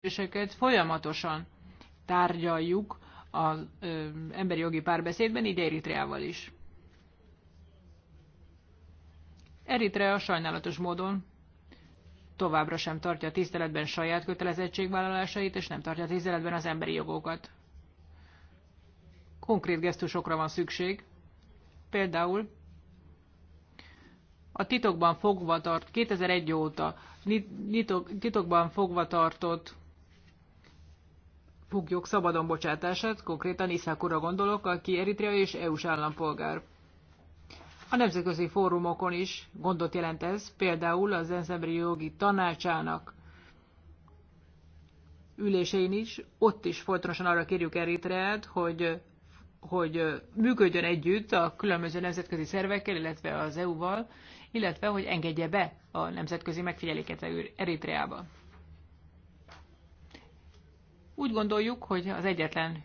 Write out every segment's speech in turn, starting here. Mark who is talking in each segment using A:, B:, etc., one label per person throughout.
A: kérdéseket folyamatosan tárgyaljuk az ö, emberi jogi párbeszédben, így Eritreával is. Eritrea sajnálatos módon továbbra sem tartja tiszteletben saját kötelezettségvállalásait, és nem tartja tiszteletben az emberi jogokat. Konkrét gesztusokra van szükség, például a titokban fogva tart, 2001 óta titokban fogva tartott foglyok szabadon bocsátását, konkrétan Iszákura gondolok, aki Eritrea és EU-s állampolgár. A nemzetközi fórumokon is gondot jelent ez, például az ENSZ emberi jogi tanácsának ülésein is, ott is folytonosan arra kérjük Eritreát, hogy, hogy működjön együtt a különböző nemzetközi szervekkel, illetve az EU-val, illetve hogy engedje be a nemzetközi megfigyeléket Eritreába. Úgy gondoljuk, hogy az egyetlen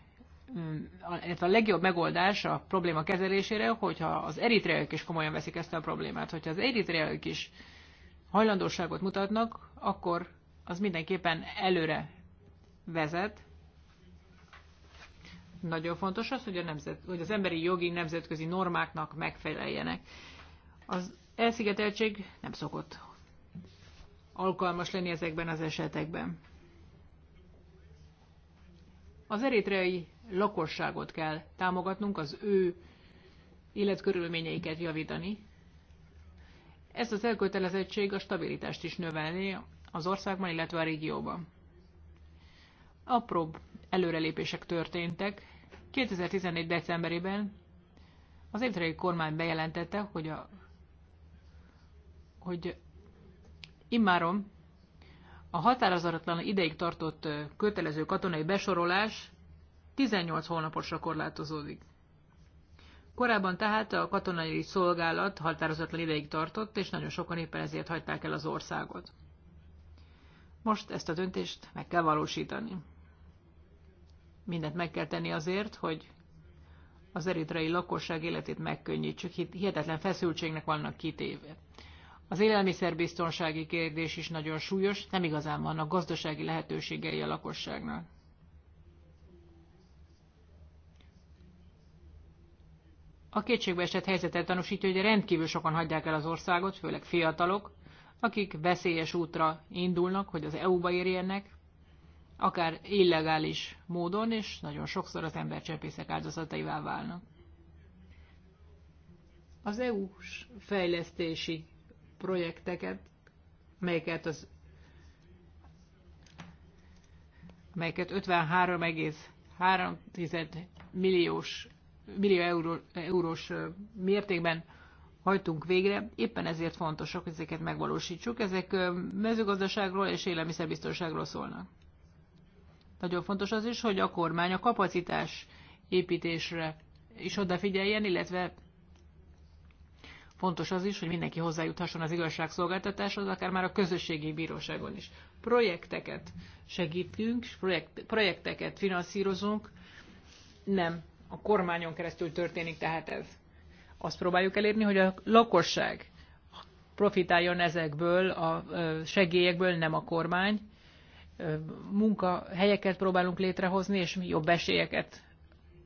A: mm, ez a legjobb megoldás a probléma kezelésére, hogyha az eritreaiak is komolyan veszik ezt a problémát. Hogyha az eritreaiak is hajlandóságot mutatnak, akkor az mindenképpen előre vezet. Nagyon fontos az, hogy, a nemzet, hogy az emberi jogi nemzetközi normáknak megfeleljenek. Az elszigeteltség nem szokott alkalmas lenni ezekben az esetekben. Az eritreai lakosságot kell támogatnunk, az ő életkörülményeiket javítani. Ezt az elkötelezettség a stabilitást is növelni az országban, illetve a régióban. Apróbb előrelépések történtek. 2014. decemberében az eritreai kormány bejelentette, hogy, a, hogy immáron a határozatlan ideig tartott kötelező katonai besorolás 18 hónaposra korlátozódik. Korábban tehát a katonai szolgálat határozatlan ideig tartott, és nagyon sokan éppen ezért hagyták el az országot. Most ezt a döntést meg kell valósítani. Mindent meg kell tenni azért, hogy az eritrei lakosság életét megkönnyítsük, hihetetlen feszültségnek vannak kitéve. Az élelmiszerbiztonsági kérdés is nagyon súlyos, nem igazán vannak gazdasági lehetőségei a lakosságnak. A esett helyzetet tanúsítja, hogy rendkívül sokan hagyják el az országot, főleg fiatalok, akik veszélyes útra indulnak, hogy az EU-ba érjenek, akár illegális módon, és nagyon sokszor az embercsempészek áldozataival válnak. Az EU-s fejlesztési projekteket, melyeket az melyeket 53,3 milliós, millió euró, eurós mértékben hajtunk végre. Éppen ezért fontosak, hogy ezeket megvalósítsuk. Ezek mezőgazdaságról és élelmiszerbiztonságról szólnak. Nagyon fontos az is, hogy a kormány a kapacitás építésre is odafigyeljen, illetve Fontos az is, hogy mindenki hozzájuthasson az igazságszolgáltatáshoz, akár már a közösségi bíróságon is. Projekteket segítünk, projekt, projekteket finanszírozunk, nem a kormányon keresztül történik tehát ez. Azt próbáljuk elérni, hogy a lakosság profitáljon ezekből a segélyekből, nem a kormány. Munkahelyeket próbálunk létrehozni, és jobb esélyeket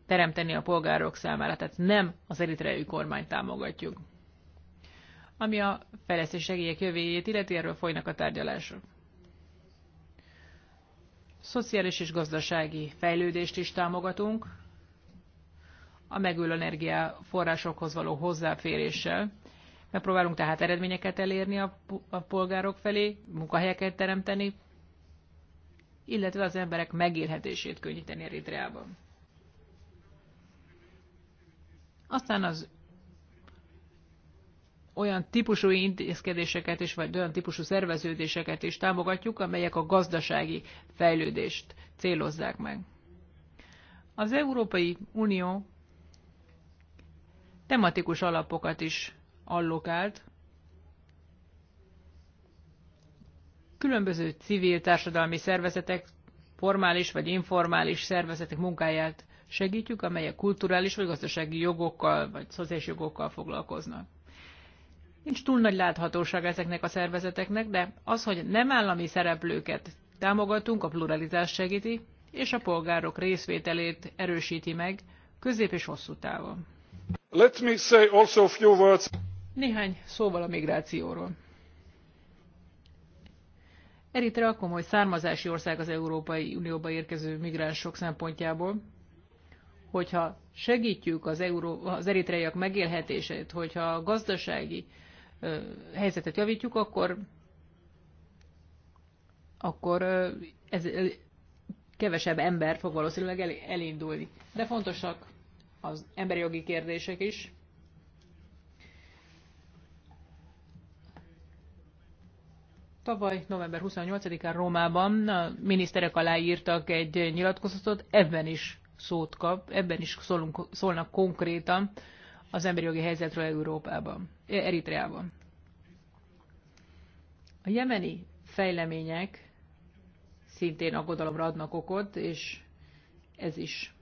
A: teremteni a polgárok számára. Tehát nem az eritreai kormányt támogatjuk. Ami a fejlesztés segélyek jövőjét illeti, erről folynak a tárgyalások. Szociális és gazdasági fejlődést is támogatunk, a megülő energiaforrásokhoz való hozzáféréssel. Megpróbálunk tehát eredményeket elérni a, a polgárok felé, munkahelyeket teremteni, illetve az emberek megélhetését könnyíteni Eritreában. Aztán az olyan típusú intézkedéseket is, vagy olyan típusú szerveződéseket is támogatjuk, amelyek a gazdasági fejlődést célozzák meg. Az Európai Unió tematikus alapokat is allokált, különböző civil társadalmi szervezetek, formális vagy informális szervezetek munkáját segítjük, amelyek kulturális vagy gazdasági jogokkal vagy szociális jogokkal foglalkoznak. Nincs túl nagy láthatóság ezeknek a szervezeteknek, de az, hogy nem állami szereplőket támogatunk, a pluralizás segíti, és a polgárok részvételét erősíti meg közép és hosszú távon.
B: Let me say also few words.
A: Néhány szóval a migrációról. Eritrea komoly származási ország az Európai Unióba érkező migránsok szempontjából. Hogyha segítjük az, euró, az eritreiak megélhetését, hogyha a gazdasági helyzetet javítjuk, akkor, akkor ez kevesebb ember fog valószínűleg elindulni. De fontosak az emberi jogi kérdések is. Tavaly november 28-án Rómában a miniszterek aláírtak egy nyilatkozatot, ebben is szót kap, ebben is szólunk, szólnak konkrétan az emberi jogi helyzetről Európában, e, Eritreában. A jemeni fejlemények szintén aggodalomra adnak okot, és ez is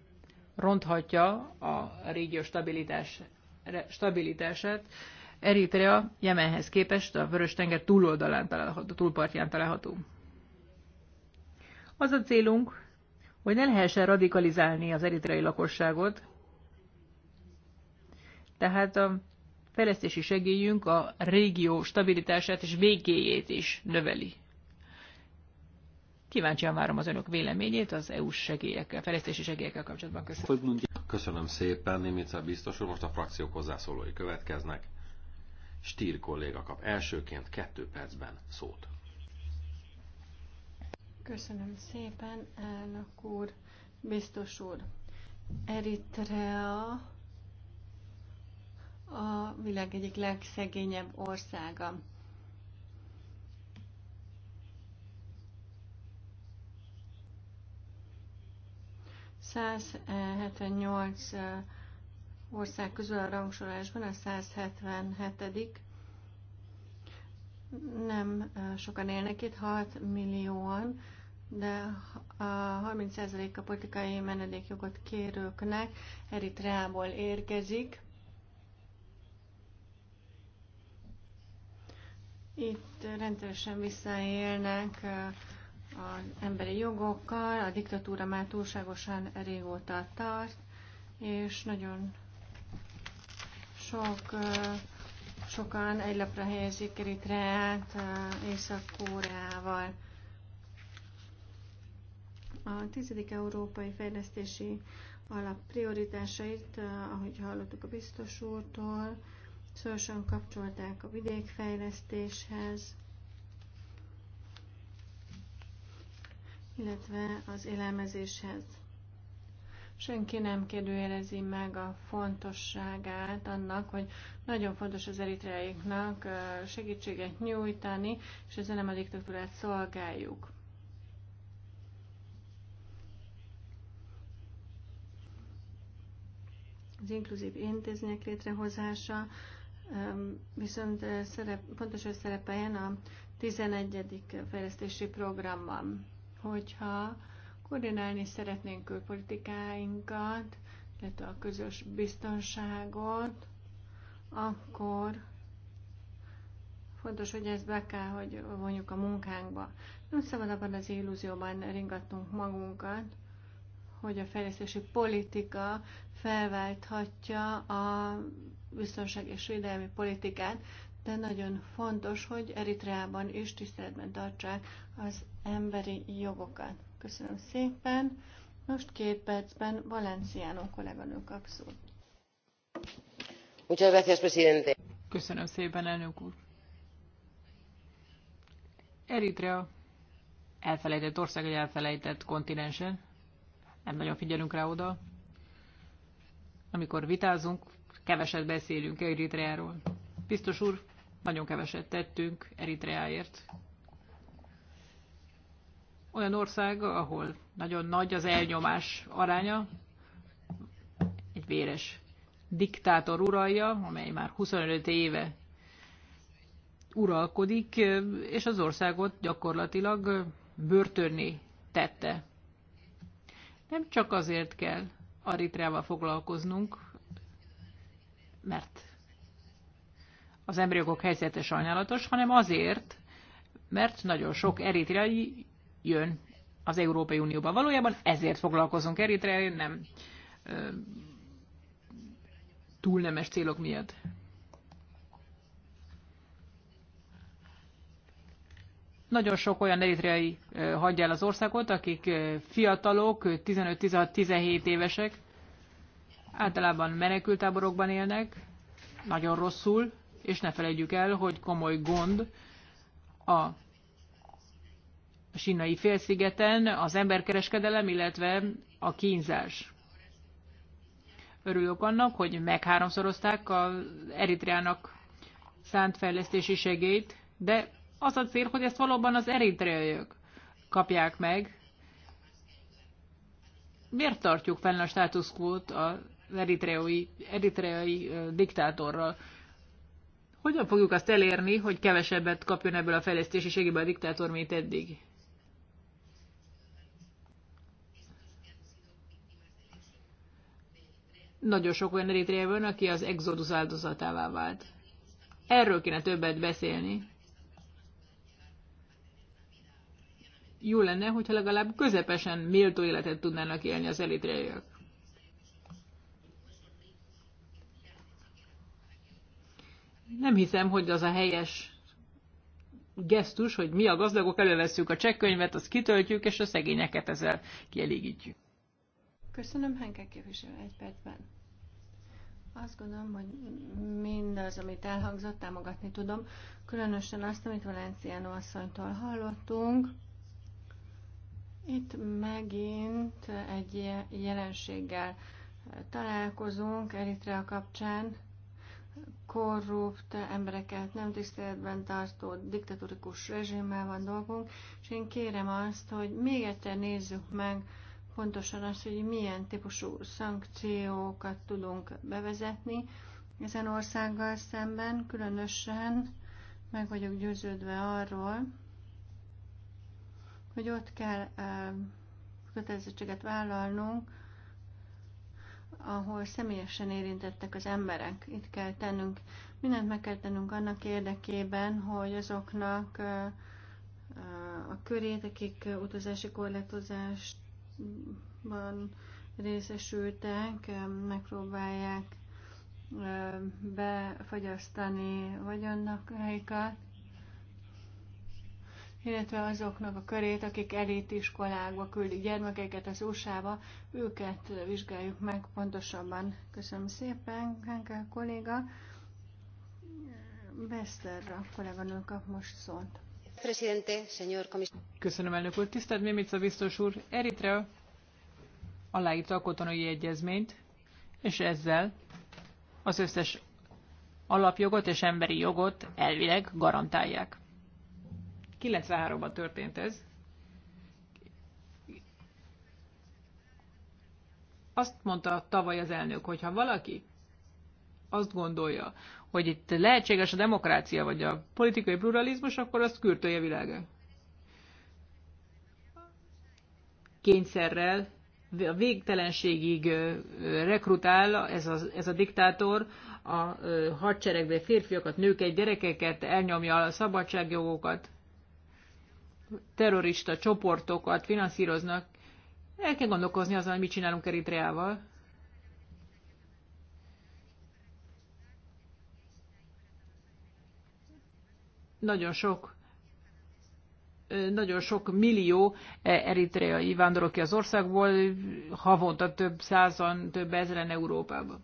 A: ronthatja a régió stabilitás, stabilitását. Eritrea Jemenhez képest a Vörös-tenger túloldalán található, túlpartján található. Az a célunk, hogy ne lehessen radikalizálni az eritreai lakosságot, tehát a fejlesztési segélyünk a régió stabilitását és végéjét is növeli. Kíváncsian várom az önök véleményét az EU-s segélyekkel, fejlesztési segélyekkel kapcsolatban.
C: Köszönöm. Köszönöm szépen, Némice biztos úr. Most a frakciók hozzászólói következnek. Stír kolléga kap elsőként kettő percben szót.
D: Köszönöm szépen, elnök úr, biztos úr. Eritrea a világ egyik legszegényebb országa. ...178 ország közül a rangsorolásban a 177 nem sokan élnek itt, 6 millióan, de a 30% a politikai menedékjogot kérőknek Eritreából érkezik. Itt rendszeresen visszaélnek az emberi jogokkal, a diktatúra már túlságosan régóta tart, és nagyon sok, sokan egy lapra helyezik Eritreát Észak-Kóreával. A tizedik Európai Fejlesztési Alap prioritásait, ahogy hallottuk a biztos úrtól, szorosan kapcsolták a vidékfejlesztéshez, illetve az élelmezéshez. Senki nem kérdőjelezi meg a fontosságát annak, hogy nagyon fontos az eritreaiknak segítséget nyújtani, és ezzel nem a diktatúrát szolgáljuk. Az inkluzív intézmények létrehozása, viszont szerep, pontosan szerepeljen a 11. fejlesztési programban, hogyha koordinálni szeretnénk külpolitikáinkat, illetve a közös biztonságot, akkor fontos, hogy ezt be kell, hogy vonjuk a munkánkba. Nem szabad abban az illúzióban ringatnunk magunkat, hogy a fejlesztési politika felválthatja a biztonság és védelmi politikát, de nagyon fontos, hogy Eritreában is tiszteletben tartsák az emberi jogokat. Köszönöm szépen. Most két percben Valenciánó kolléganő kap szót.
A: Köszönöm szépen, elnök úr. Eritrea elfelejtett ország, egy elfelejtett kontinensen. Nem nagyon figyelünk rá oda. Amikor vitázunk, keveset beszélünk Eritreáról. Biztos úr, nagyon keveset tettünk Eritreáért. Olyan ország, ahol nagyon nagy az elnyomás aránya, egy véres diktátor uralja, amely már 25 éve uralkodik, és az országot gyakorlatilag börtönné tette. Nem csak azért kell Eritreával foglalkoznunk, mert az embriókok helyzete sajnálatos, hanem azért, mert nagyon sok eritreai jön az Európai Unióba. Valójában ezért foglalkozunk Eritreai, nem túlnemes célok miatt. Nagyon sok olyan eritreai hagyja el az országot, akik fiatalok, 15-16-17 évesek, általában menekültáborokban élnek, nagyon rosszul, és ne felejtjük el, hogy komoly gond a sinai félszigeten az emberkereskedelem, illetve a kínzás. Örülök annak, hogy megháromszorozták az Eritreának szánt fejlesztési segélyt, de az a cél, hogy ezt valóban az eritreaiak kapják meg. Miért tartjuk fenn a státuszkót a eritreai, eritreai diktátorral. Hogyan fogjuk azt elérni, hogy kevesebbet kapjon ebből a fejlesztési segélyből a diktátor, mint eddig? Nagyon sok olyan eritreai van, aki az exodus áldozatává vált. Erről kéne többet beszélni. Jó lenne, hogyha legalább közepesen méltó életet tudnának élni az eritreaiak. nem hiszem, hogy az a helyes gesztus, hogy mi a gazdagok, előveszünk a csekkönyvet, azt kitöltjük, és a szegényeket ezzel kielégítjük.
D: Köszönöm, Henke képviselő, egy percben. Azt gondolom, hogy mindaz, amit elhangzott, támogatni tudom. Különösen azt, amit Valenciano asszonytól hallottunk. Itt megint egy jelenséggel találkozunk Eritrea kapcsán, korrupt embereket nem tiszteletben tartó diktatórikus rezsimmel van dolgunk, és én kérem azt, hogy még egyszer nézzük meg pontosan azt, hogy milyen típusú szankciókat tudunk bevezetni ezen országgal szemben, különösen meg vagyok győződve arról, hogy ott kell eh, kötelezettséget vállalnunk, ahol személyesen érintettek az emberek. Itt kell tennünk, mindent meg kell tennünk annak érdekében, hogy azoknak a körét, akik utazási korlátozásban részesültek, megpróbálják befagyasztani vagyonnakaikat, illetve azoknak a körét, akik elit iskolákba küldik gyermekeket az USA-ba, őket vizsgáljuk meg pontosabban. Köszönöm szépen, Henke kolléga. a kolléganő kap most szót.
A: Köszönöm, elnök úr. Tisztelt Mimica biztos úr, Eritrea aláírta a kotonai egyezményt, és ezzel az összes alapjogot és emberi jogot elvileg garantálják. 93-ban történt ez. Azt mondta tavaly az elnök, hogy ha valaki azt gondolja, hogy itt lehetséges a demokrácia vagy a politikai pluralizmus, akkor azt kürtője világa. Kényszerrel a végtelenségig rekrutál ez a, ez a diktátor, a hadseregbe férfiakat, nőket, gyerekeket, elnyomja a szabadságjogokat terrorista csoportokat finanszíroznak, el kell gondolkozni azon, hogy mit csinálunk Eritreával. Nagyon sok nagyon sok millió eritreai vándorok ki az országból, havonta több százan, több ezeren Európában.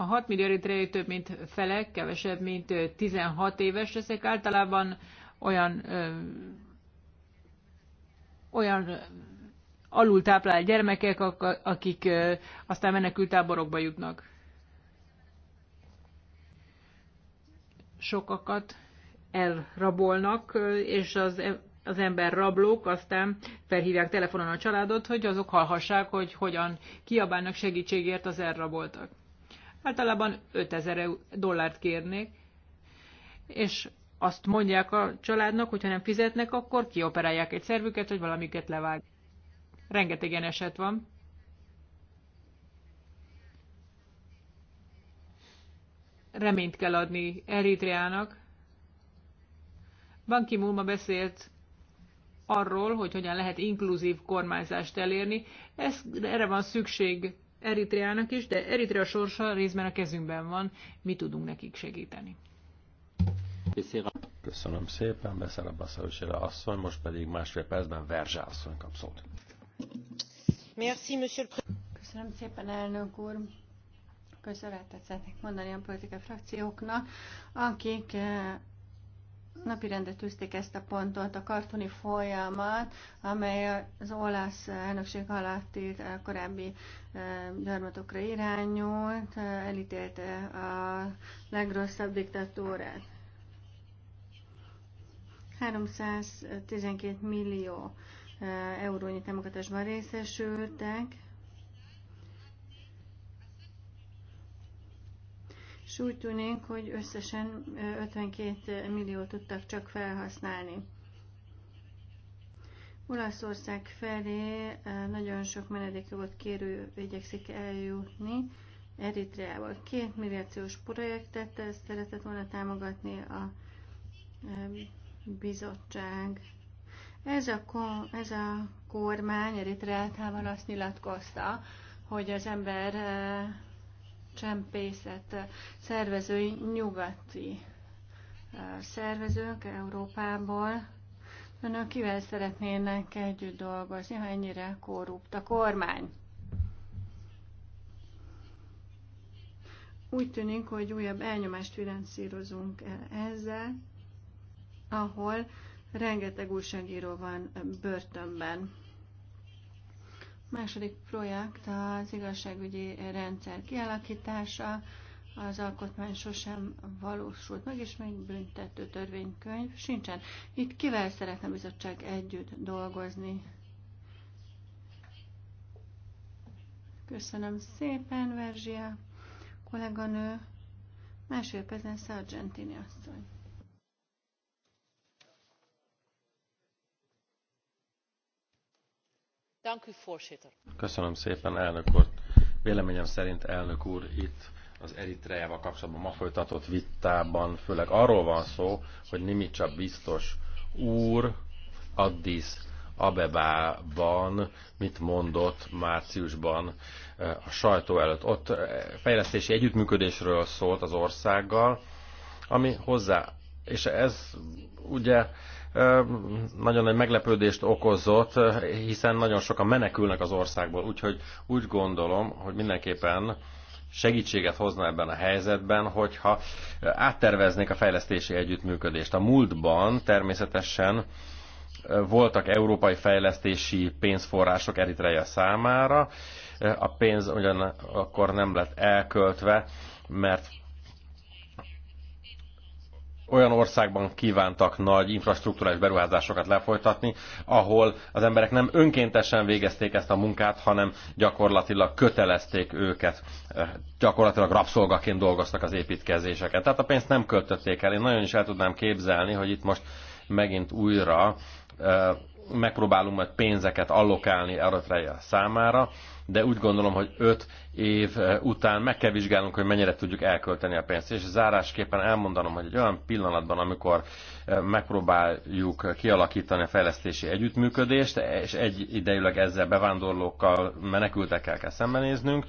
A: A 6 millió eritreai több mint felek, kevesebb, mint 16 éves, leszek. általában olyan, ö, olyan alultáplált gyermekek, akik ö, aztán menekültáborokba jutnak. Sokakat elrabolnak, és az, e-, az ember rablók aztán felhívják telefonon a családot, hogy azok hallhassák, hogy hogyan kiabálnak segítségért az elraboltak általában 5000 dollárt kérnék, és azt mondják a családnak, hogy ha nem fizetnek, akkor kioperálják egy szervüket, hogy valamiket levág. Rengeteg ilyen eset van. Reményt kell adni Eritreának. Banki ki beszélt arról, hogy hogyan lehet inkluzív kormányzást elérni. Ez, erre van szükség Eritreának is, de Eritrea sorsa részben a kezünkben van, mi tudunk nekik segíteni.
C: Köszönöm szépen, beszél a Basszalősére asszony, most pedig másfél percben Verzsá asszony kap szót.
D: szépen monsieur le Köszönöm szépen, elnök úr. Köszönetet szeretnék mondani a politikai frakcióknak, akik eh, napirendre tűzték ezt a pontot, a kartoni folyamat, amely az olasz elnökség alatti eh, korábbi eh, gyarmatokra irányult, eh, elítélte a legrosszabb diktatúrát. 312 millió eurónyi támogatásban részesültek, és úgy tűnik, hogy összesen 52 milliót tudtak csak felhasználni. Olaszország felé nagyon sok menedékjogot kérő igyekszik eljutni, Eritreával két milliárdos projektet szeretett volna támogatni a bizottság. Ez a, ez a kormány Eritreátában hát azt nyilatkozta, hogy az ember csempészet szervezői nyugati szervezők Európából. Önök kivel szeretnének együtt dolgozni, ha ennyire korrupt a kormány? Úgy tűnik, hogy újabb elnyomást finanszírozunk el ezzel, ahol rengeteg újságíró van börtönben. Második projekt az igazságügyi rendszer kialakítása. Az alkotmány sosem valósult meg, és még büntető törvénykönyv sincsen. Itt kivel szeretne a bizottság együtt dolgozni? Köszönöm szépen, Verzsia kolléganő. Másfél percen Sargentini
A: asszony. Köszönöm
C: szépen, elnök úr. Véleményem szerint, elnök úr, itt az Eritreával kapcsolatban ma folytatott vitában főleg arról van szó, hogy Nimicsa biztos úr Addis Abebában mit mondott márciusban eh, a sajtó előtt. Ott eh, fejlesztési együttműködésről szólt az országgal, ami hozzá és ez ugye nagyon nagy meglepődést okozott, hiszen nagyon sokan menekülnek az országból, úgyhogy úgy gondolom, hogy mindenképpen segítséget hozna ebben a helyzetben, hogyha átterveznék a fejlesztési együttműködést. A múltban természetesen voltak európai fejlesztési pénzforrások Eritreja számára, a pénz ugyanakkor nem lett elköltve, mert olyan országban kívántak nagy infrastruktúrás beruházásokat lefolytatni, ahol az emberek nem önkéntesen végezték ezt a munkát, hanem gyakorlatilag kötelezték őket. Gyakorlatilag rabszolgaként dolgoztak az építkezéseket. Tehát a pénzt nem költötték el. Én nagyon is el tudnám képzelni, hogy itt most megint újra megpróbálunk majd pénzeket allokálni Eritrea számára, de úgy gondolom, hogy öt év eh, után meg kell vizsgálnunk, hogy mennyire tudjuk elkölteni a pénzt. És zárásképpen elmondanom, hogy egy olyan pillanatban, amikor eh, megpróbáljuk kialakítani a fejlesztési együttműködést, és egy idejűleg ezzel bevándorlókkal, menekültekkel kell szembenéznünk,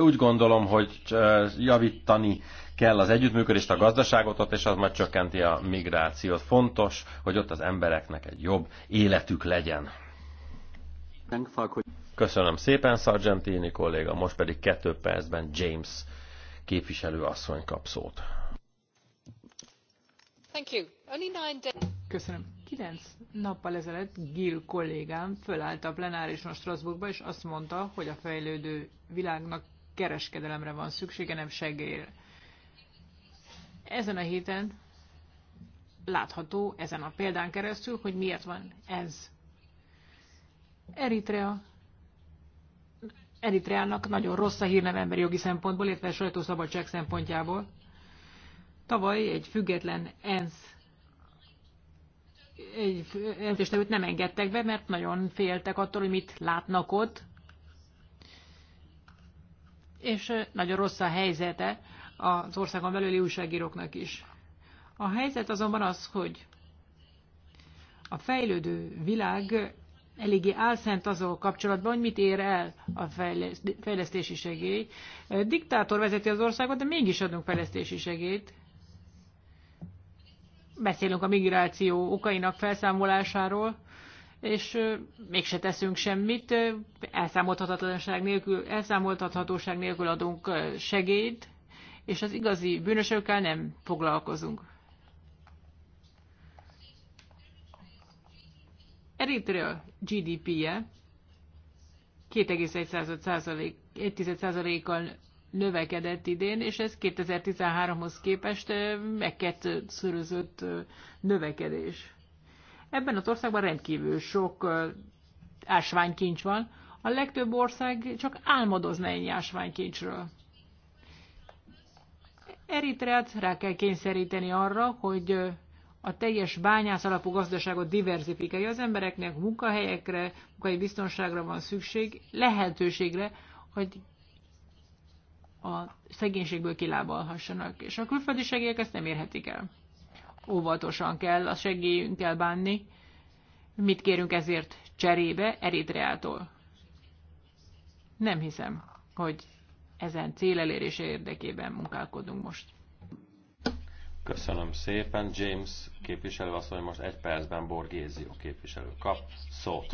C: úgy gondolom, hogy eh, javítani kell az együttműködést, a gazdaságot ott, és az majd csökkenti a migrációt. Fontos, hogy ott az embereknek egy jobb életük legyen. Köszönöm szépen, Sargentini kolléga, most pedig kettő percben James képviselő asszony kap szót.
A: Köszönöm. Kilenc nappal ezelőtt Gil kollégám fölállt a plenárison Strasbourgba, és azt mondta, hogy a fejlődő világnak kereskedelemre van szüksége, nem segélyre. Ezen a héten látható ezen a példán keresztül, hogy miért van ez. Eritrea Eritreának nagyon rossz a hírnem emberi jogi szempontból, illetve sajtószabadság szempontjából. Tavaly egy független ENSZ egy előtt nem engedtek be, mert nagyon féltek attól, hogy mit látnak ott, és nagyon rossz a helyzete az országon belüli újságíróknak is. A helyzet azonban az, hogy a fejlődő világ eléggé álszent azzal kapcsolatban, hogy mit ér el a fejlesztési segély. Diktátor vezeti az országot, de mégis adunk fejlesztési segélyt. Beszélünk a migráció okainak felszámolásáról, és mégse teszünk semmit, elszámoltathatóság nélkül, elszámoltathatóság nélkül adunk segélyt, és az igazi bűnösökkel nem foglalkozunk. Eritrea GDP-je 2,1%-kal növekedett idén, és ez 2013-hoz képest megkettőszörözött növekedés. Ebben az országban rendkívül sok ásványkincs van, a legtöbb ország csak álmodozna ennyi ásványkincsről. Eritreát rá kell kényszeríteni arra, hogy a teljes bányász alapú gazdaságot diverzifikálja az embereknek, munkahelyekre, munkai biztonságra van szükség, lehetőségre, hogy a szegénységből kilábalhassanak. És a külföldi segélyek ezt nem érhetik el. Óvatosan kell a segélyünkkel bánni. Mit kérünk ezért cserébe Eritreától? Nem hiszem, hogy ezen cél érdekében munkálkodunk most.
C: Köszönöm szépen. James képviselő azt mondja, most egy percben Borgézió képviselő kap szót.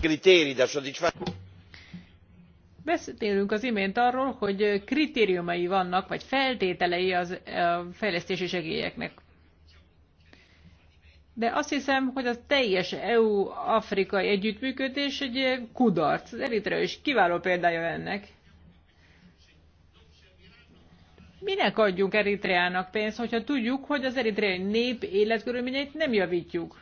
A: Beszélünk az imént arról, hogy kritériumai vannak, vagy feltételei az fejlesztési segélyeknek. De azt hiszem, hogy a teljes EU-afrikai együttműködés egy kudarc. Eritrea is kiváló példája ennek. Minek adjunk Eritreának pénzt, hogyha tudjuk, hogy az eritreai nép életkörülményeit nem javítjuk?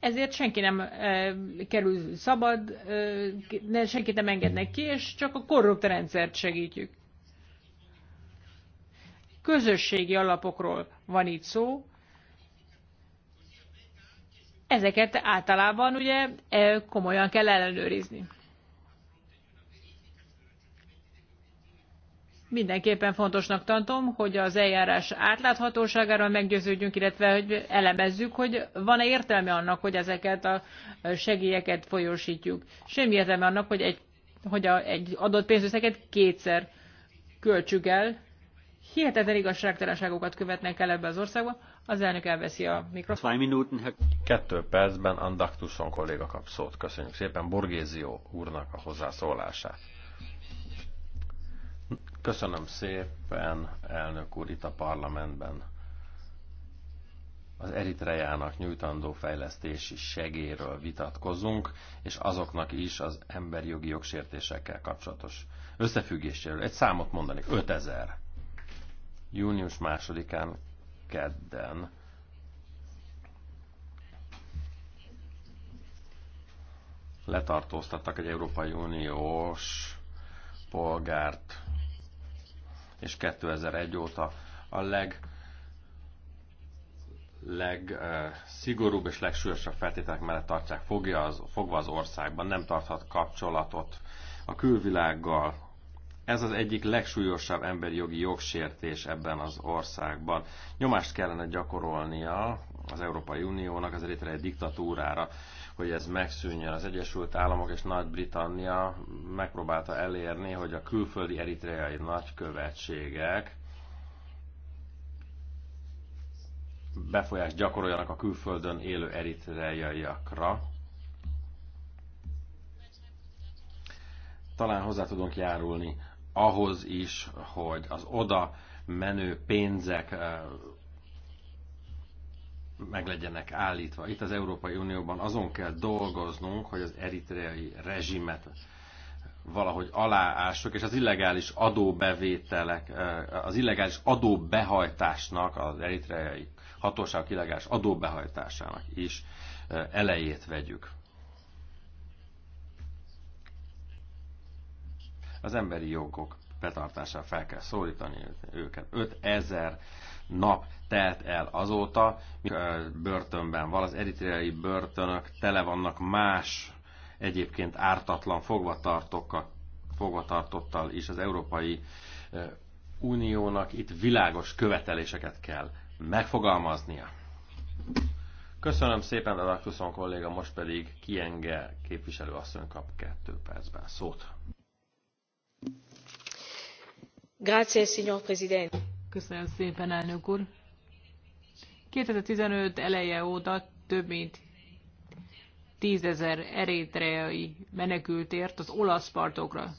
A: Ezért senki nem e, kerül szabad, e, senkit nem engednek ki, és csak a korrupt rendszert segítjük. Közösségi alapokról van itt szó, ezeket általában ugye komolyan kell ellenőrizni. Mindenképpen fontosnak tartom, hogy az eljárás átláthatóságáról meggyőződjünk, illetve hogy elemezzük, hogy van-e értelme annak, hogy ezeket a segélyeket folyósítjuk. Semmi értelme annak, hogy egy, hogy a, egy adott pénzösszeget kétszer költsük el. Hihetetlen igazságtalanságokat követnek el ebbe az országba. Az elnök elveszi a
C: mikrofont. Kettő percben Andaktuson kolléga kap szót. Köszönjük szépen Borgézió úrnak a hozzászólását. Köszönöm szépen, elnök úr, itt a parlamentben az Eritreának nyújtandó fejlesztési segéről vitatkozunk, és azoknak is az emberi jogi jogsértésekkel kapcsolatos összefüggéséről. Egy számot mondanék, 5000. Június másodikán, kedden. Letartóztattak egy Európai Uniós polgárt és 2001 óta a leg legszigorúbb és legsúlyosabb feltételek mellett tartják fogja az, fogva az országban, nem tarthat kapcsolatot a külvilággal. Ez az egyik legsúlyosabb emberi jogi jogsértés ebben az országban. Nyomást kellene gyakorolnia az Európai Uniónak az eritreai diktatúrára hogy ez megszűnjön. Az Egyesült Államok és Nagy-Britannia megpróbálta elérni, hogy a külföldi eritreai nagykövetségek befolyást gyakoroljanak a külföldön élő eritreaiakra. Talán hozzá tudunk járulni ahhoz is, hogy az oda menő pénzek eh, meg legyenek állítva. Itt az Európai Unióban azon kell dolgoznunk, hogy az eritreai rezsimet valahogy aláássuk, és az illegális adóbevételek, az illegális adóbehajtásnak, az eritreai hatóság illegális adóbehajtásának is elejét vegyük. Az emberi jogok betartásával fel kell szólítani őket. 5000 nap telt el azóta, börtönben van, az eritreai börtönök tele vannak más egyébként ártatlan fogvatartókkal, fogvatartottal is az Európai Uniónak itt világos követeléseket kell megfogalmaznia. Köszönöm szépen, a Kuszon kolléga, most pedig Kienge képviselőasszony kap kettő percben szót.
A: Grazie, signor Presidente. Köszönöm szépen, elnök úr. 2015 eleje óta több mint tízezer eritreai menekült ért az olasz partokra.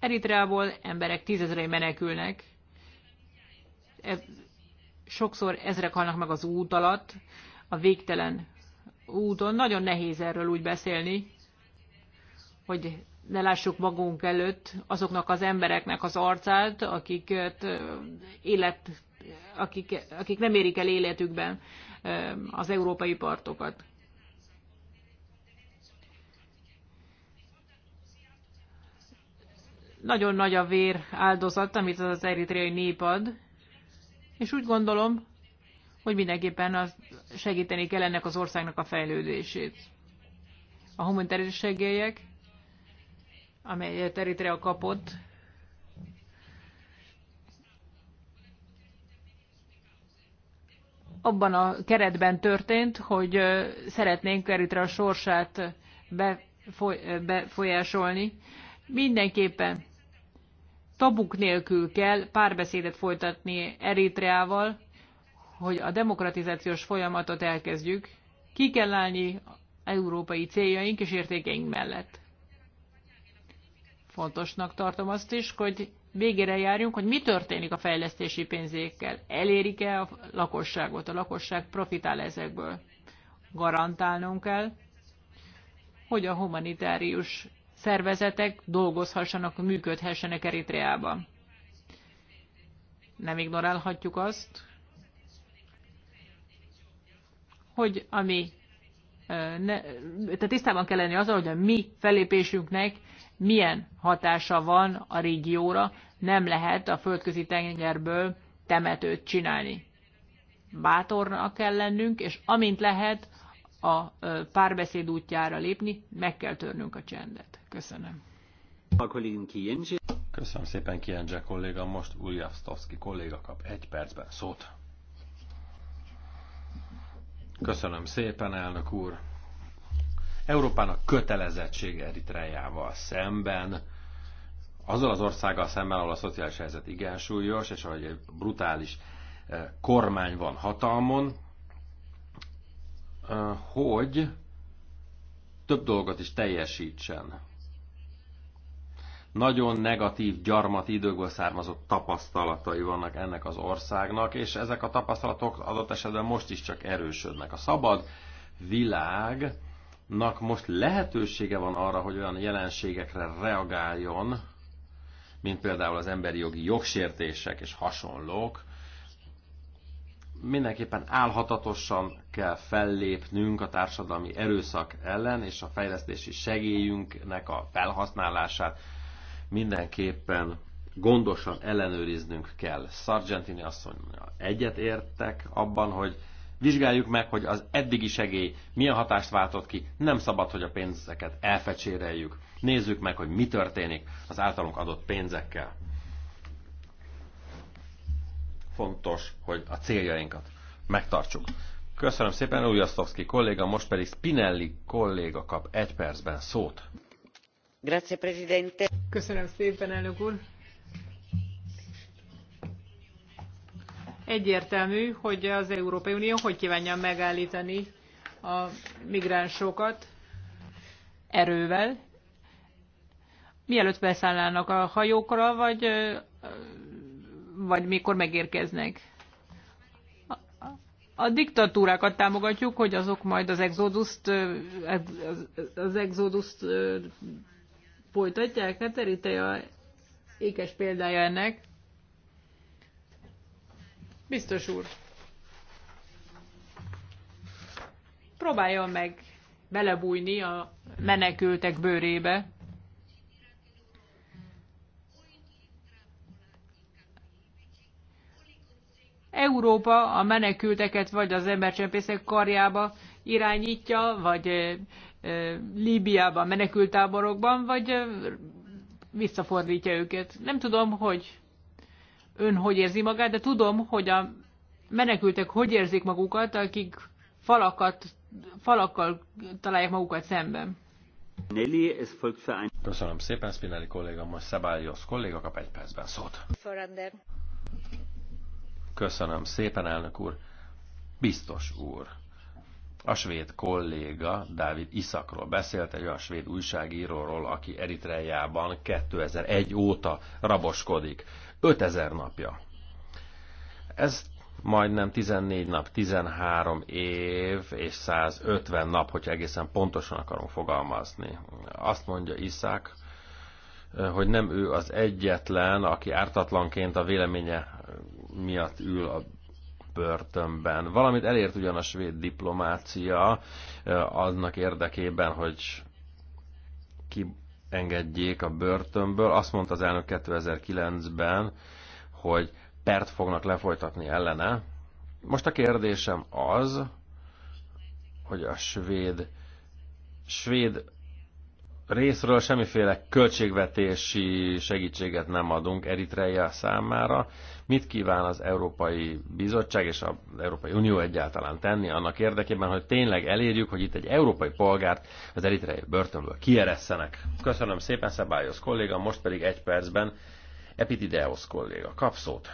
A: Eritreából emberek tízezrei menekülnek. Ez, sokszor ezrek halnak meg az út alatt, a végtelen úton. Nagyon nehéz erről úgy beszélni, hogy ne lássuk magunk előtt azoknak az embereknek az arcát, akiket élet, akik, akik nem érik el életükben az európai partokat. Nagyon nagy a vér áldozat, amit az eritreai nép ad, és úgy gondolom, hogy mindenképpen az segíteni kell ennek az országnak a fejlődését. A humanitárius segélyek amelyet Eritrea kapott, abban a keretben történt, hogy szeretnénk Eritrea sorsát befolyásolni. Mindenképpen tabuk nélkül kell párbeszédet folytatni Eritreával, hogy a demokratizációs folyamatot elkezdjük. Ki kell állni európai céljaink és értékeink mellett. Fontosnak tartom azt is, hogy végére járjunk, hogy mi történik a fejlesztési pénzékkel. Elérik-e a lakosságot? A lakosság profitál ezekből? Garantálnunk kell, hogy a humanitárius szervezetek dolgozhassanak, működhessenek Eritreában. Nem ignorálhatjuk azt, hogy ami tehát tisztában kell lenni azzal, hogy a mi felépésünknek milyen hatása van a régióra, nem lehet a földközi tengerből temetőt csinálni. Bátornak kell lennünk, és amint lehet a párbeszéd útjára lépni, meg kell törnünk a csendet. Köszönöm.
C: Köszönöm szépen Kienzse kolléga, most Uljavsztovszki kolléga kap egy percben szót. Köszönöm szépen, elnök úr. Európának kötelezettség Eritreával szemben, azzal az országgal szemben, ahol a szociális helyzet igen súlyos, és ahogy egy brutális eh, kormány van hatalmon, eh, hogy több dolgot is teljesítsen. Nagyon negatív, gyarmati időkből származó tapasztalatai vannak ennek az országnak, és ezek a tapasztalatok adott esetben most is csak erősödnek. A szabad világ nak most lehetősége van arra, hogy olyan jelenségekre reagáljon, mint például az emberi jogi jogsértések és hasonlók, mindenképpen álhatatosan kell fellépnünk a társadalmi erőszak ellen, és a fejlesztési segélyünknek a felhasználását mindenképpen gondosan ellenőriznünk kell. Sargentini mondja, egyet értek abban, hogy Vizsgáljuk meg, hogy az eddigi segély milyen hatást váltott ki, nem szabad, hogy a pénzeket elfecséreljük. Nézzük meg, hogy mi történik az általunk adott pénzekkel. Fontos, hogy a céljainkat megtartsuk. Köszönöm szépen, Ujjasztovszki kolléga, most pedig Spinelli kolléga kap egy percben szót.
A: Grazie, Presidente. Köszönöm szépen, elnök úr. Egyértelmű, hogy az Európai Unió hogy kívánja megállítani a migránsokat erővel, mielőtt beszállnának a hajókra, vagy, vagy mikor megérkeznek. A diktatúrákat támogatjuk, hogy azok majd az exoduszt, az exoduszt folytatják. Hát Eritrea ékes példája ennek. Biztos úr. Próbálja meg belebújni a menekültek bőrébe. Európa a menekülteket vagy az embercsempészek karjába irányítja, vagy Líbiában menekültáborokban, vagy visszafordítja őket. Nem tudom, hogy ön hogy érzi magát, de tudom, hogy a menekültek hogy érzik magukat, akik falakat, falakkal találják magukat szemben.
C: Köszönöm szépen, Spinelli kolléga, most Szabályos kolléga kap egy percben szót. Köszönöm szépen, elnök úr. Biztos úr. A svéd kolléga Dávid Iszakról beszélt, egy olyan svéd újságíróról, aki Eritreában 2001 óta raboskodik. 5000 napja. Ez majdnem 14 nap, 13 év és 150 nap, hogy egészen pontosan akarom fogalmazni. Azt mondja Iszák, hogy nem ő az egyetlen, aki ártatlanként a véleménye miatt ül a börtönben. Valamit elért ugyan a svéd diplomácia eh, annak érdekében, hogy ki engedjék a börtönből. Azt mondta az elnök 2009-ben, hogy pert fognak lefolytatni ellene. Most a kérdésem az, hogy a svéd, svéd részről semmiféle költségvetési segítséget nem adunk Eritrea számára. Mit kíván az Európai Bizottság és az Európai Unió egyáltalán tenni annak érdekében, hogy tényleg elérjük, hogy itt egy európai polgárt az eritreai börtönből kieresszenek. Köszönöm szépen, Szabályos kolléga, most pedig egy percben Epitideos kolléga. Kapszót!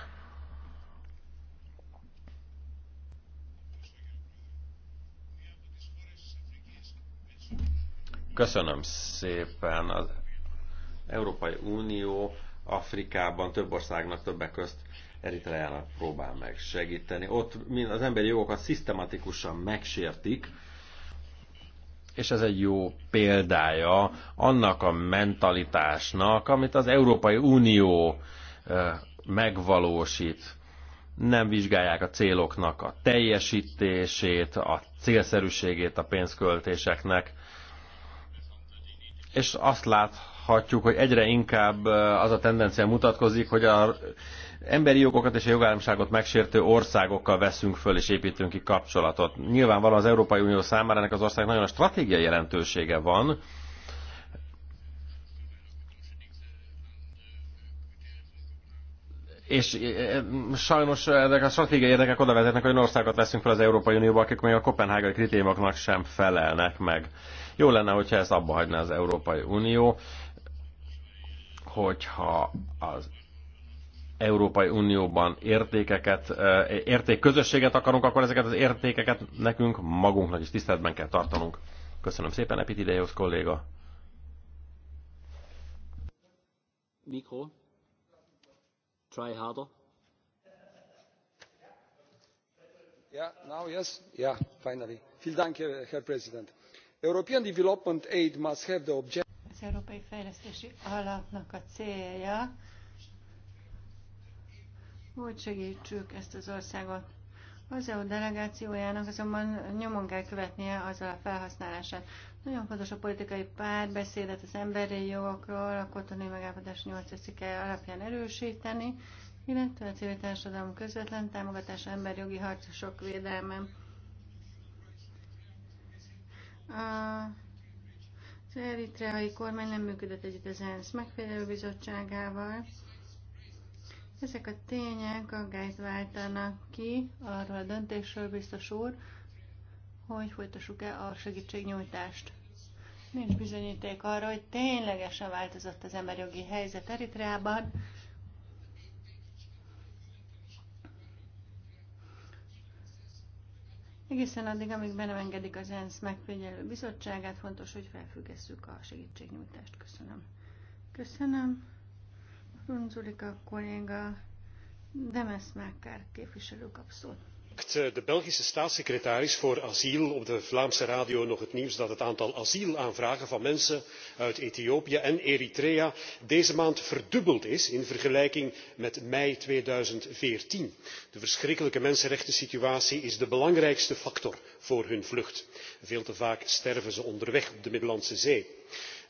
C: Köszönöm szépen. Az Európai Unió Afrikában több országnak, többek közt Eritreának próbál meg segíteni. Ott mind az emberi jogokat szisztematikusan megsértik, és ez egy jó példája annak a mentalitásnak, amit az Európai Unió megvalósít. Nem vizsgálják a céloknak a teljesítését, a célszerűségét a pénzköltéseknek és azt láthatjuk, hogy egyre inkább az a tendencia mutatkozik, hogy a emberi jogokat és a jogállamiságot megsértő országokkal veszünk föl és építünk ki kapcsolatot. Nyilvánvalóan az Európai Unió számára ennek az ország nagyon a stratégiai jelentősége van, és e, e, sajnos ezek a stratégiai érdekek oda vezetnek, hogy olyan országokat veszünk fel az Európai Unióba, akik még a kopenhágai kritériumoknak sem felelnek meg. Jó lenne, hogyha ezt abba hagyná az Európai Unió, hogyha az Európai Unióban értékeket, e, értékközösséget akarunk, akkor ezeket az értékeket nekünk magunknak is tiszteletben kell tartanunk. Köszönöm szépen, Epitideus kolléga. Mikro
B: try harder? Yeah, now yes? Yeah, finally. Vielen Dank, Herr President. European Development Aid must have the objective.
D: Az Európai Fejlesztési Alapnak a célja, hogy segítsük ezt az országot. Az EU delegációjának azonban nyomon kell követnie az a felhasználását. Nagyon fontos a politikai párbeszédet az emberi jogokról, a kotoni megállapodás 8 cikke alapján erősíteni, illetve a civil társadalom közvetlen támogatása emberi jogi harcosok védelme. A az eritreai kormány nem működött együtt az ENSZ megfelelő bizottságával. Ezek a tények aggályt váltanak ki arról a döntésről, biztos úr, hogy folytassuk-e a segítségnyújtást. Nincs bizonyíték arra, hogy ténylegesen változott az emberjogi helyzet Eritreában. Egészen addig, amíg be nem engedik az ENSZ megfigyelő bizottságát, fontos, hogy felfüggesszük a segítségnyújtást. Köszönöm. Köszönöm. Runzulika kolléga, Demes Mákár képviselő kapszót.
B: Eh, de belgische staatssecretaris voor asiel op de vlaamse radio nog het nieuws dat het aantal asielaanvragen van mensen uit ethiopië en eritrea deze maand verdubbeld is in vergelijking met mei. tweeduizendveertien de verschrikkelijke mensenrechtensituatie is de belangrijkste factor voor hun vlucht. veel te vaak sterven ze onderweg op de middellandse zee.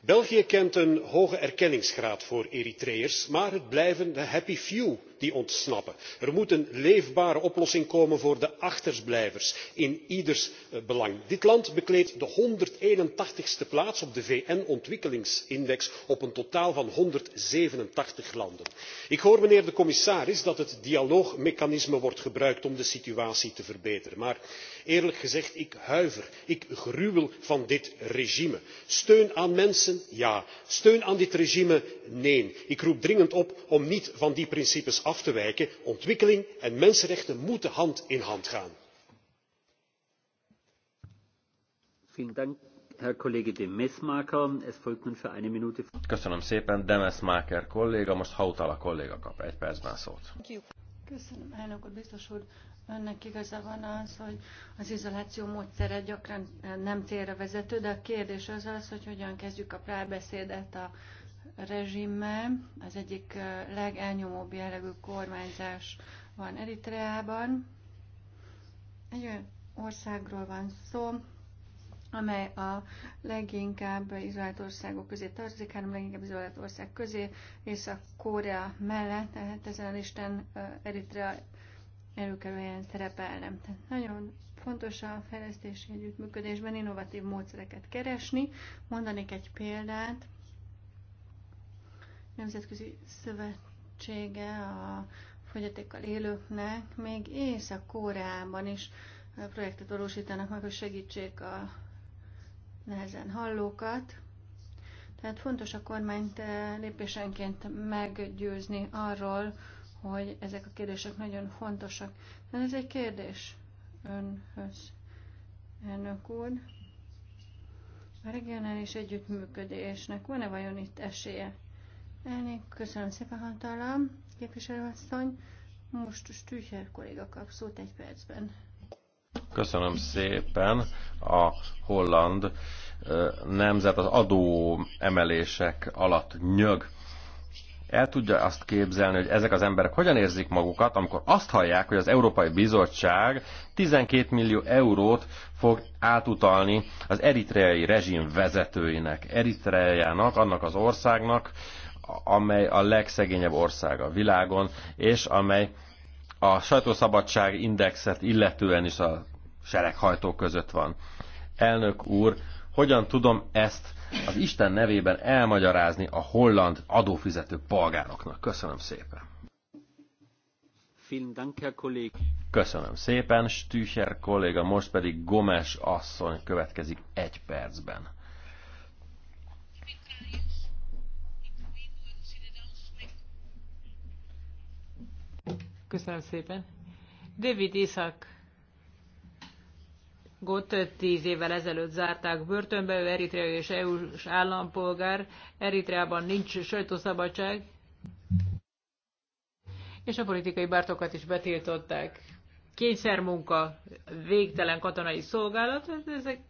B: belgië kent een hoge erkenningsgraad voor eritreërs maar het blijven de happy few die ontsnappen. er moet een leefbare oplossing komen voor de achterblijvers in ieders eh, belang. dit land bekleedt de honderdeenentachtig ste plaats op de vn ontwikkelingsindex op een totaal van honderdzevenentachtig landen. ik hoor mijnheer de commissaris dat het dialoogmechanisme wordt gebruikt om de situatie te verbeteren maar eerlijk gezegd ik huiver ik gruwel van dit regime. steun aan mensen ja. steun aan dit regime neen. ik roep dringend op om niet van die principes af te wijken af te wijken. ontwikkeling en mensenrechten moeten hand in hand gaan.
C: Köszönöm,
D: elnök úr, biztos úr. Önnek igaza van az, hogy az izoláció módszere gyakran nem célra vezető, de a kérdés az az, hogy hogyan kezdjük a párbeszédet a rezsimmel. Az egyik legelnyomóbb jellegű kormányzás van Eritreában. Egy olyan országról van szó, amely a leginkább izolált országok közé tartozik, három leginkább izolált ország közé, és a korea mellett, tehát ezen a listán Eritrea előkelően szerepelne. Tehát nagyon fontos a fejlesztési együttműködésben innovatív módszereket keresni. Mondanék egy példát, Nemzetközi Szövetsége a fogyatékkal élőknek még Észak-Koreában is projektet valósítanak meg, hogy segítsék a nehezen hallókat. Tehát fontos a kormányt lépésenként meggyőzni arról, hogy ezek a kérdések nagyon fontosak. De ez egy kérdés önhöz, elnök úr. A regionális együttműködésnek van-e vajon itt esélye? Elnék, köszönöm szépen, Hantala, képviselőasszony. Most Stücher kolléga kap szót egy percben.
C: Köszönöm szépen. A holland nemzet az adó emelések alatt nyög. El tudja azt képzelni, hogy ezek az emberek hogyan érzik magukat, amikor azt hallják, hogy az Európai Bizottság 12 millió eurót fog átutalni az eritreai rezsim vezetőinek, Eritreájának, annak az országnak, amely a legszegényebb ország a világon, és amely a sajtószabadság indexet illetően is a sereghajtók között van. Elnök úr, hogyan tudom ezt az Isten nevében elmagyarázni a holland adófizető polgároknak? Köszönöm szépen. Köszönöm szépen, Stücher kolléga, most pedig Gomes asszony következik egy percben.
A: Köszönöm szépen. David Isaac Gott tíz évvel ezelőtt zárták börtönbe, ő eritreai és EU-s állampolgár, Eritreában nincs sajtószabadság, és a politikai bártokat is betiltották. Kényszermunka, végtelen katonai szolgálat, hát ezek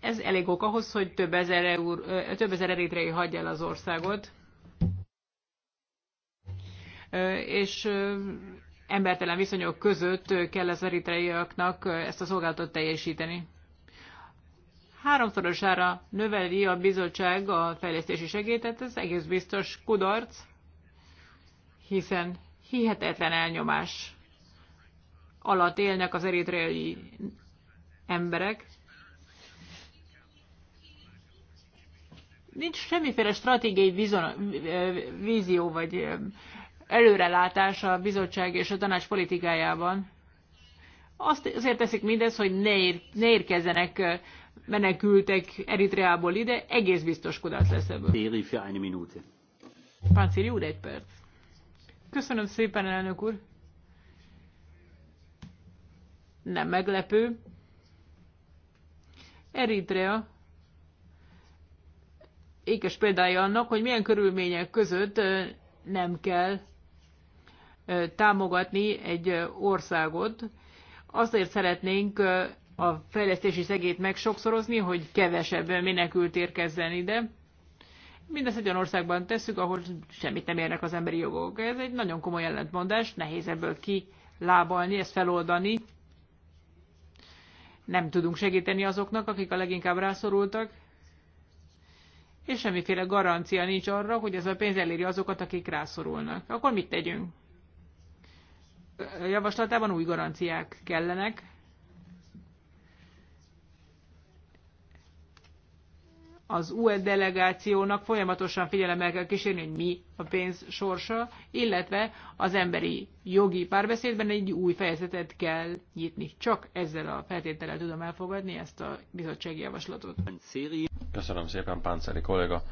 A: ez elég ok ahhoz, hogy több ezer, eur, több ezer eritrei hagyja el az országot és embertelen viszonyok között kell az eritreiaknak ezt a szolgálatot teljesíteni. Háromszorosára növeli a bizottság a fejlesztési segélyt, ez egész biztos kudarc, hiszen hihetetlen elnyomás alatt élnek az eritreai emberek. Nincs semmiféle stratégiai vízió vagy előrelátás a bizottság és a tanács politikájában. Azt, azért teszik mindez, hogy ne, ér, ne érkezzenek menekültek Eritreából ide, egész biztos kudarc lesz ebből.
C: Péri für eine Minute.
A: Páncéli úr, egy perc. Köszönöm szépen, elnök úr. Nem meglepő. Eritrea ékes példája annak, hogy milyen körülmények között nem kell támogatni egy országot. Azért szeretnénk a fejlesztési szegét meg sokszorozni, hogy kevesebb menekült érkezzen ide. Mindezt egy olyan országban tesszük, ahol semmit nem érnek az emberi jogok. Ez egy nagyon komoly ellentmondás, nehéz ebből kilábalni, ezt feloldani. Nem tudunk segíteni azoknak, akik a leginkább rászorultak, és semmiféle garancia nincs arra, hogy ez a pénz eléri azokat, akik rászorulnak. Akkor mit tegyünk? javaslatában új garanciák kellenek. Az UE delegációnak folyamatosan figyelemmel kell kísérni, hogy mi a pénz sorsa, illetve az emberi jogi párbeszédben egy új fejezetet kell nyitni. Csak ezzel a feltétellel tudom elfogadni ezt a bizottsági javaslatot.
C: Köszönöm szépen, Pánceli kolléga.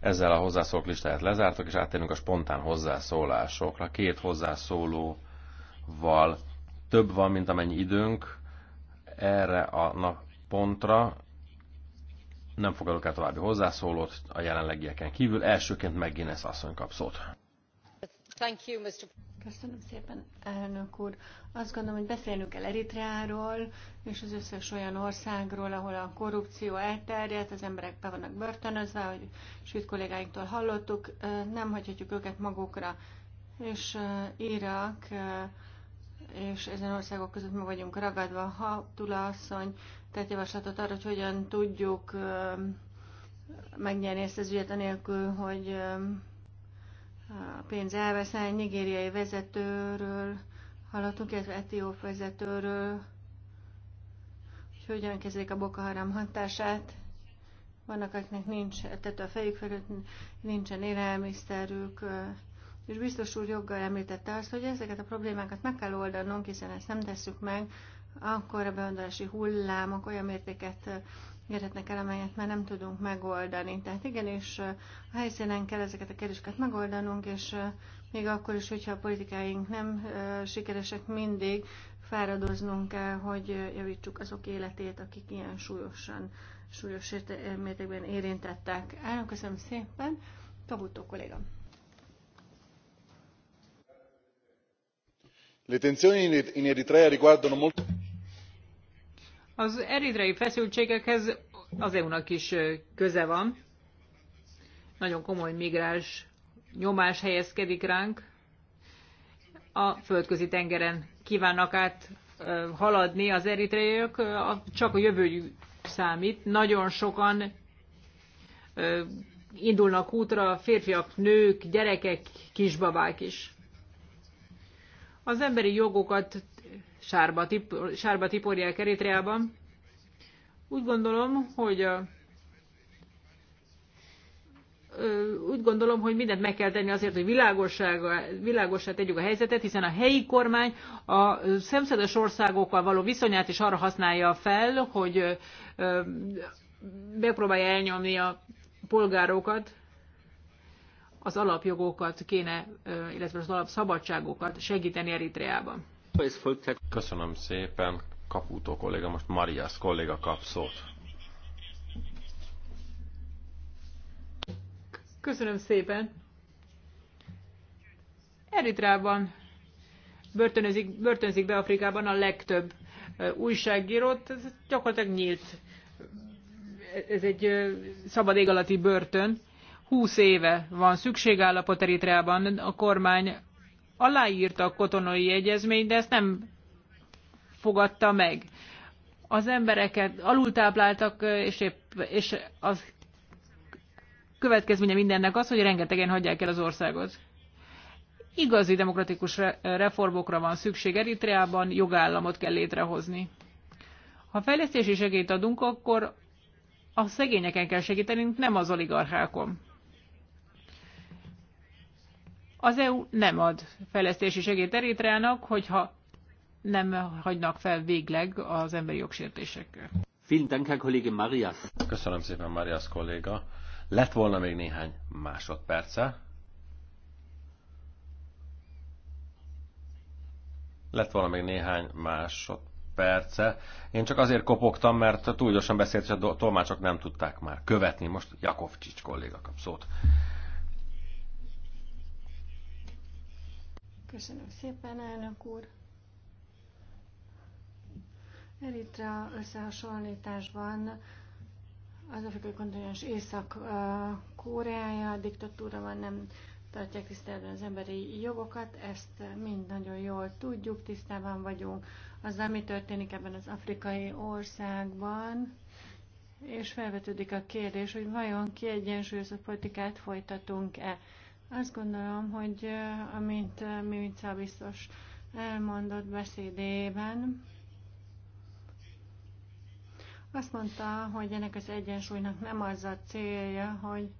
C: Ezzel a hozzászólók listáját lezártuk, és áttérünk a spontán hozzászólásokra. Két hozzászóló val több van, mint amennyi időnk erre a pontra. Nem fogadok el további hozzászólót a jelenlegieken kívül. Elsőként McGuinness asszony kap szót.
D: Köszönöm szépen, elnök úr. Azt gondolom, hogy beszélnünk kell Eritreáról és az összes olyan országról, ahol a korrupció elterjedt, az emberek be vannak börtönözve, hogy sőt kollégáinktól hallottuk, nem hagyhatjuk őket magukra. És Irak és ezen országok között meg vagyunk ragadva. Ha Tula asszony tett javaslatot arra, hogy hogyan tudjuk megnyerni ezt az ügyet anélkül, hogy a pénz elveszel, nigériai vezetőről hallottunk, illetve etióp vezetőről, hogy hogyan kezelik a Boko Haram hatását. Vannak, akiknek nincs tető a fejük felett, nincsen élelmiszerük, és biztos úr joggal említette azt, hogy ezeket a problémákat meg kell oldanunk, hiszen ezt nem tesszük meg, akkor a beondolási hullámok olyan mértéket érhetnek el, amelyet már nem tudunk megoldani. Tehát igenis a helyszínen kell ezeket a kérdéseket megoldanunk, és még akkor is, hogyha a politikáink nem sikeresek mindig, fáradoznunk kell, hogy javítsuk azok életét, akik ilyen súlyosan, súlyos mértékben érintettek. Elnök, köszönöm szépen. Kabutó kollégám.
B: le tensioni in eritrea riguardano molto.
A: az eritrei feszültségekhez az eu nak is köze van nagyon komoly migráns nyomás helyezkedik ránk a földközi tengeren kívánnak át haladni az eritreiek, csak a jövőjük számít. Nagyon sokan indulnak útra, férfiak, nők, gyerekek, kisbabák is. Az emberi jogokat sárba, tip, sárba tiporják Eritreában. Úgy gondolom, hogy a úgy gondolom, hogy mindent meg kell tenni azért, hogy világosá tegyük a helyzetet, hiszen a helyi kormány a szemszedes országokkal való viszonyát is arra használja fel, hogy megpróbálja elnyomni a polgárokat az alapjogokat kéne, illetve az alapszabadságokat segíteni Eritreában.
C: Köszönöm szépen, Kaputó kolléga, most Marias kolléga kap szót.
A: Köszönöm szépen. Eritreában börtönözik, börtönözik be Afrikában a legtöbb újságírót, ez gyakorlatilag nyílt. Ez egy szabad ég alatti börtön. 20 éve van szükségállapot Eritreában, a kormány aláírta a kotonai egyezményt, de ezt nem fogadta meg. Az embereket alultápláltak, és, épp, és az következménye mindennek az, hogy rengetegen hagyják el az országot. Igazi demokratikus reformokra van szükség Eritreában, jogállamot kell létrehozni. Ha fejlesztési segélyt adunk, akkor a szegényeken kell segítenünk, nem az oligarchákon. Az EU nem ad fejlesztési segélyt Eritreának, hogyha nem hagynak fel végleg az emberi jogsértésekkel.
C: Köszönöm szépen, Marias kolléga. Lett volna még néhány másodperce. Lett volna még néhány másodperce. Én csak azért kopogtam, mert túl gyorsan beszélt, és a tolmácsok nem tudták már követni. Most Jakovcsics kolléga kap szót.
D: Köszönöm szépen, elnök úr. Eritra összehasonlításban az afrikai kontinens Észak-Koreája, diktatúra van, nem tartják tiszteletben az emberi jogokat, ezt mind nagyon jól tudjuk, tisztában vagyunk azzal, mi történik ebben az afrikai országban, és felvetődik a kérdés, hogy vajon kiegyensúlyozott politikát folytatunk-e. Azt gondolom, hogy amit Mimica biztos elmondott beszédében, azt mondta, hogy ennek az egyensúlynak nem az a célja, hogy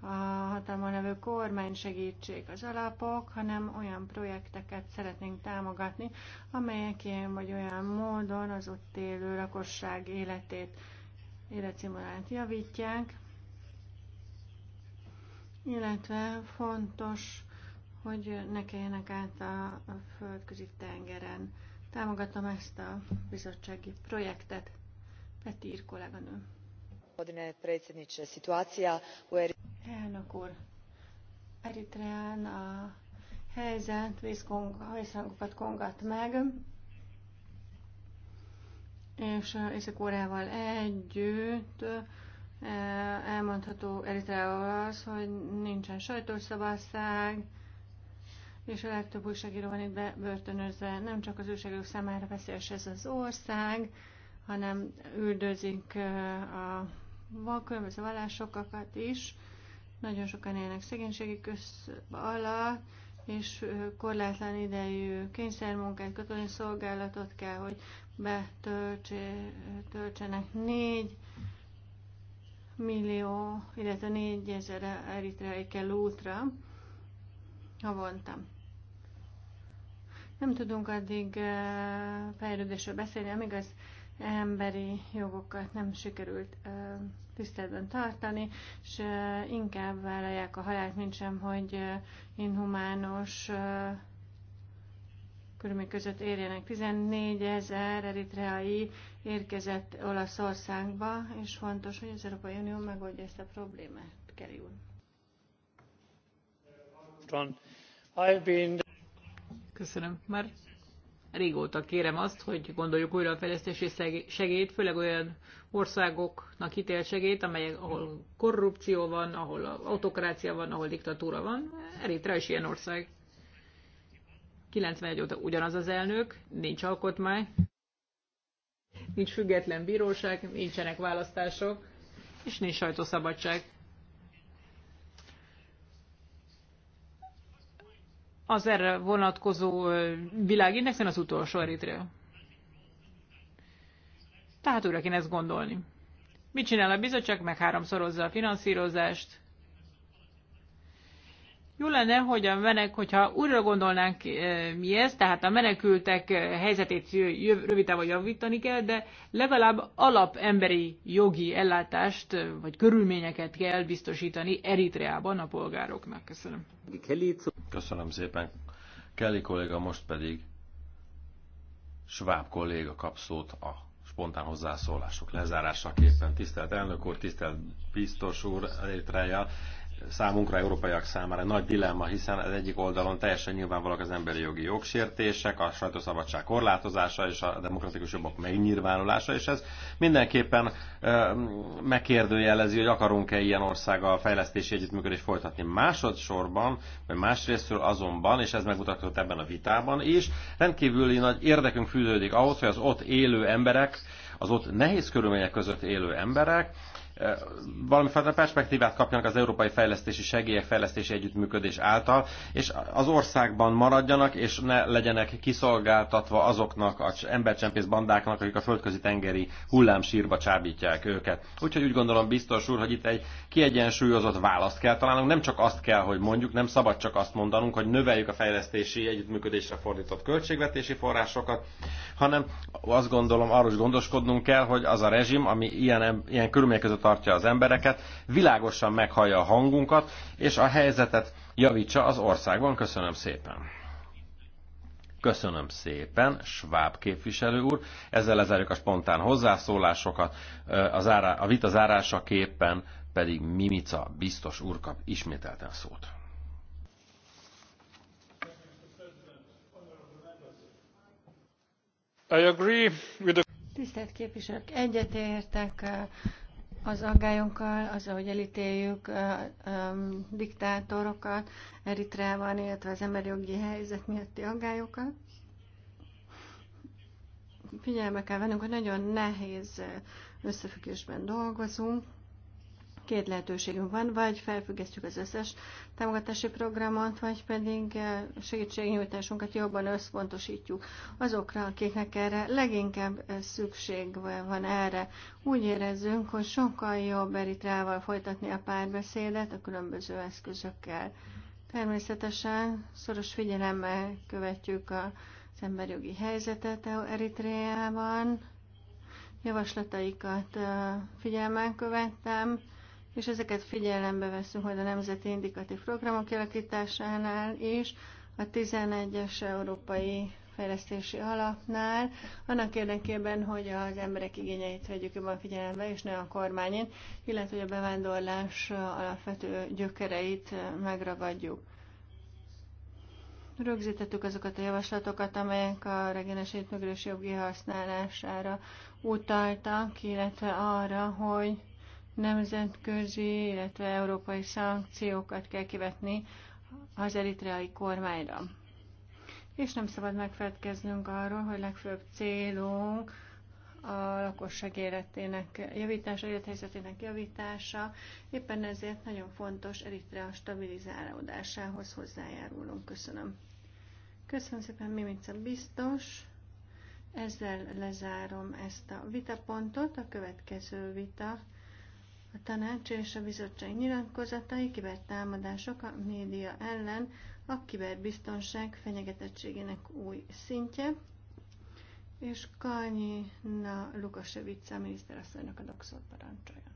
D: a hatalmon levő kormány segítség az alapok, hanem olyan projekteket szeretnénk támogatni, amelyek ilyen vagy olyan módon az ott élő lakosság életét, életszínvonalát javítják illetve fontos, hogy ne kelljenek át a, a földközi tengeren. Támogatom ezt a bizottsági projektet. Petír kolléganő. Elnök úr, Eritreán a helyzet vészhangokat kongat meg, és Észak-Órával együtt Eh, elmondható Eritreával az, hogy nincsen szabadság, és a legtöbb újságíró van itt bebörtönözve. Nem csak az újságírók számára veszélyes ez az ország, hanem üldözik eh, a van különböző vallásokat is. Nagyon sokan élnek szegénységi köz alatt, és eh, korlátlan idejű kényszermunkát, katonai szolgálatot kell, hogy betöltsenek. Négy millió, illetve 4000 eritreai kell útra havonta. Nem tudunk addig eh, fejlődésről beszélni, amíg az emberi jogokat nem sikerült eh, tiszteletben tartani, és eh, inkább vállalják a halált, mint sem, hogy inhumános körülmények között érjenek. 14 ezer eritreai érkezett Olaszországba, és fontos, hogy az Európai Unió megoldja ezt a problémát.
A: Kerül. Köszönöm. Már régóta kérem azt, hogy gondoljuk újra a fejlesztési segélyt, főleg olyan országoknak ítélt segélyt, amelyek, ahol korrupció van, ahol autokrácia van, ahol diktatúra van. Eritrea is ilyen ország. 91 óta ugyanaz az elnök, nincs alkotmány, nincs független bíróság, nincsenek választások, és nincs sajtószabadság. Az erre vonatkozó világindexen az utolsó Eritrea. Tehát újra kéne ezt gondolni. Mit csinál a bizottság? Meg háromszorozza a finanszírozást, jó lenne, hogy a menek, hogyha újra gondolnánk eh, mi ez, tehát a menekültek eh, helyzetét rövid javítani kell, de legalább alap emberi jogi ellátást eh, vagy körülményeket kell biztosítani Eritreában a polgároknak. Köszönöm.
C: Köszönöm szépen. Kelly kolléga, most pedig Schwab kolléga kap szót a spontán hozzászólások lezárásaképpen. Tisztelt elnök úr, tisztelt biztos úr, Eritrea számunkra, európaiak számára nagy dilemma, hiszen az egyik oldalon teljesen nyilvánvalók az emberi jogi jogsértések, a sajtószabadság korlátozása és a demokratikus jogok megnyilvánulása, és ez mindenképpen megkérdőjelezi, hogy akarunk-e ilyen országgal fejlesztési együttműködés folytatni. Másodszorban, vagy másrésztről azonban, és ez megmutatott ebben a vitában is, rendkívüli nagy érdekünk fűződik ahhoz, hogy az ott élő emberek, az ott nehéz körülmények között élő emberek, valamifajta perspektívát kapjanak az európai fejlesztési segélyek, fejlesztési együttműködés által, és az országban maradjanak, és ne legyenek kiszolgáltatva azoknak az embercsempész bandáknak, akik a földközi tengeri hullámsírba csábítják őket. Úgyhogy úgy gondolom biztos úr, hogy itt egy kiegyensúlyozott választ kell találnunk, nem csak azt kell, hogy mondjuk, nem szabad csak azt mondanunk, hogy növeljük a fejlesztési együttműködésre fordított költségvetési forrásokat, hanem azt gondolom arról is gondoskodnunk kell, hogy az a rezsim, ami ilyen, ilyen körülmények között tartja az embereket, világosan meghallja a hangunkat, és a helyzetet javítsa az országban. Köszönöm szépen! Köszönöm szépen, Schwab képviselő úr. Ezzel lezárjuk a spontán hozzászólásokat. A, zárá, a vita pedig Mimica biztos úr kap ismételten szót.
B: I agree with the...
D: Tisztelt képviselők, egyetértek az aggályunkkal, az, ahogy elítéljük a, a diktátorokat Eritreában, illetve az emberi jogi helyzet miatti aggályokat. Figyelme kell vennünk, hogy nagyon nehéz összefüggésben dolgozunk, Két lehetőségünk van, vagy felfüggesztjük az összes támogatási programot, vagy pedig eh, segítségnyújtásunkat jobban összpontosítjuk azokra, akiknek erre leginkább eh, szükség van erre. Úgy érezzünk, hogy sokkal jobb Eritrával folytatni a párbeszédet a különböző eszközökkel. Természetesen szoros figyelemmel követjük az emberjogi helyzetet Eritreában, javaslataikat eh, figyelmen követtem, és ezeket figyelembe veszünk majd a Nemzeti Indikatív Programok kialakításánál is, a 11-es Európai Fejlesztési Alapnál, annak érdekében, hogy az emberek igényeit vegyük jobban figyelembe, és ne a kormányin, illetve hogy a bevándorlás alapvető gyökereit megragadjuk. Rögzítettük azokat a javaslatokat, amelyek a regenes étmögörös jogi használására utaltak, illetve arra, hogy nemzetközi, illetve európai szankciókat kell kivetni az eritreai kormányra. És nem szabad megfelelkeznünk arról, hogy legfőbb célunk a lakosság életének javítása, élethelyzetének javítása. Éppen ezért nagyon fontos Eritrea stabilizálódásához hozzájárulunk. Köszönöm. Köszönöm szépen, Mimica biztos. Ezzel lezárom ezt a vitapontot. A következő vita a tanács és a bizottság nyilatkozatai kibertámadások a média ellen a kiberbiztonság fenyegetettségének új szintje, és Kanyina Lukasevica miniszterasszonynak a dokszót parancsolja.